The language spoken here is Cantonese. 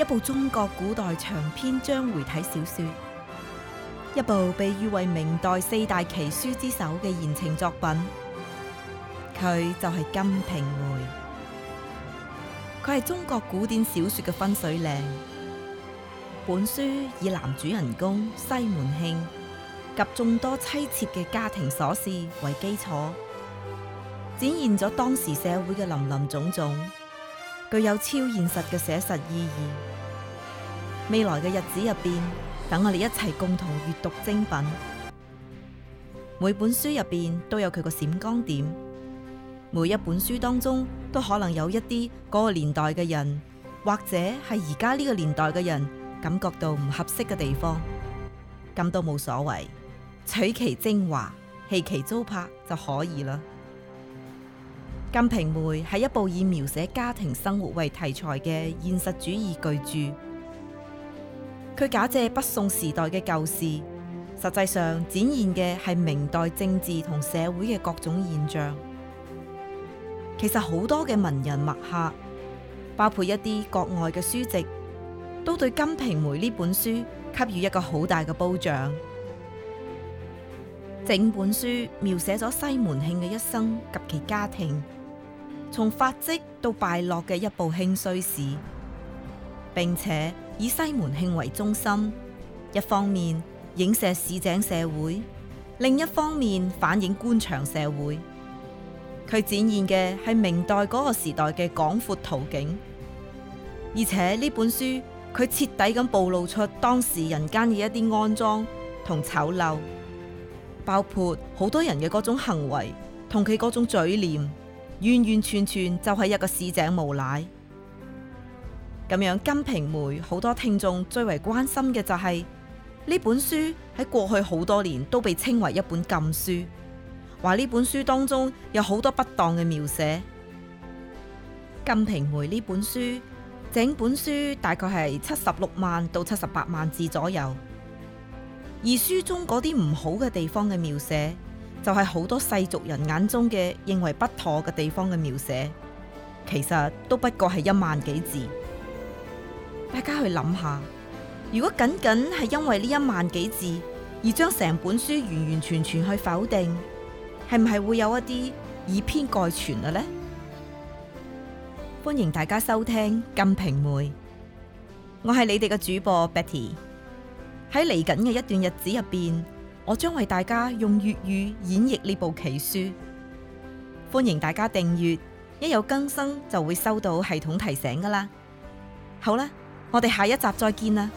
一部中國古代長篇章回體小說，一部被譽為明代四大奇書之首嘅言情作品，佢就係《金瓶梅》。佢係中國古典小說嘅分水嶺。本書以男主人公西門慶及眾多妻妾嘅家庭瑣事為基礎，展現咗當時社會嘅林林總總。具有超現實嘅寫實意義。未來嘅日子入邊，等我哋一齊共同閱讀精品。每本書入邊都有佢個閃光點，每一本書當中都可能有一啲嗰個年代嘅人，或者係而家呢個年代嘅人感覺到唔合適嘅地方，咁都冇所謂，取其精華，棄其糟粕就可以啦。《金瓶梅》係一部以描寫家庭生活為題材嘅現實主義巨著，佢假借北宋時代嘅舊事，實際上展現嘅係明代政治同社會嘅各種現象。其實好多嘅文人墨客，包括一啲國外嘅書籍，都對《金瓶梅》呢本書給予一個好大嘅褒獎。整本書描寫咗西門慶嘅一生及其家庭。從發跡到敗落嘅一部興衰史，並且以西門慶為中心，一方面影射市井社會，另一方面反映官場社會。佢展現嘅係明代嗰個時代嘅廣闊圖景，而且呢本書佢徹底咁暴露出當時人間嘅一啲骯髒同醜陋，包括好多人嘅嗰種行為同佢嗰種嘴臉。完完全全就係一個市井無賴。咁樣《金瓶梅》好多聽眾最為關心嘅就係呢本書喺過去好多年都被稱為一本禁書，話呢本書當中有好多不當嘅描寫。《金瓶梅》呢本書整本書大概係七十六萬到七十八萬字左右，而書中嗰啲唔好嘅地方嘅描寫。就係好多世俗人眼中嘅認為不妥嘅地方嘅描寫，其實都不過係一萬幾字。大家去諗下，如果僅僅係因為呢一萬幾字而將成本書完完全全去否定，係唔係會有一啲以偏概全嘅呢？歡迎大家收聽《金瓶梅》，我係你哋嘅主播 Betty。喺嚟緊嘅一段日子入邊。我將為大家用粵語演繹呢部奇書，歡迎大家訂閱，一有更新就會收到系統提醒噶啦。好啦，我哋下一集再見啦。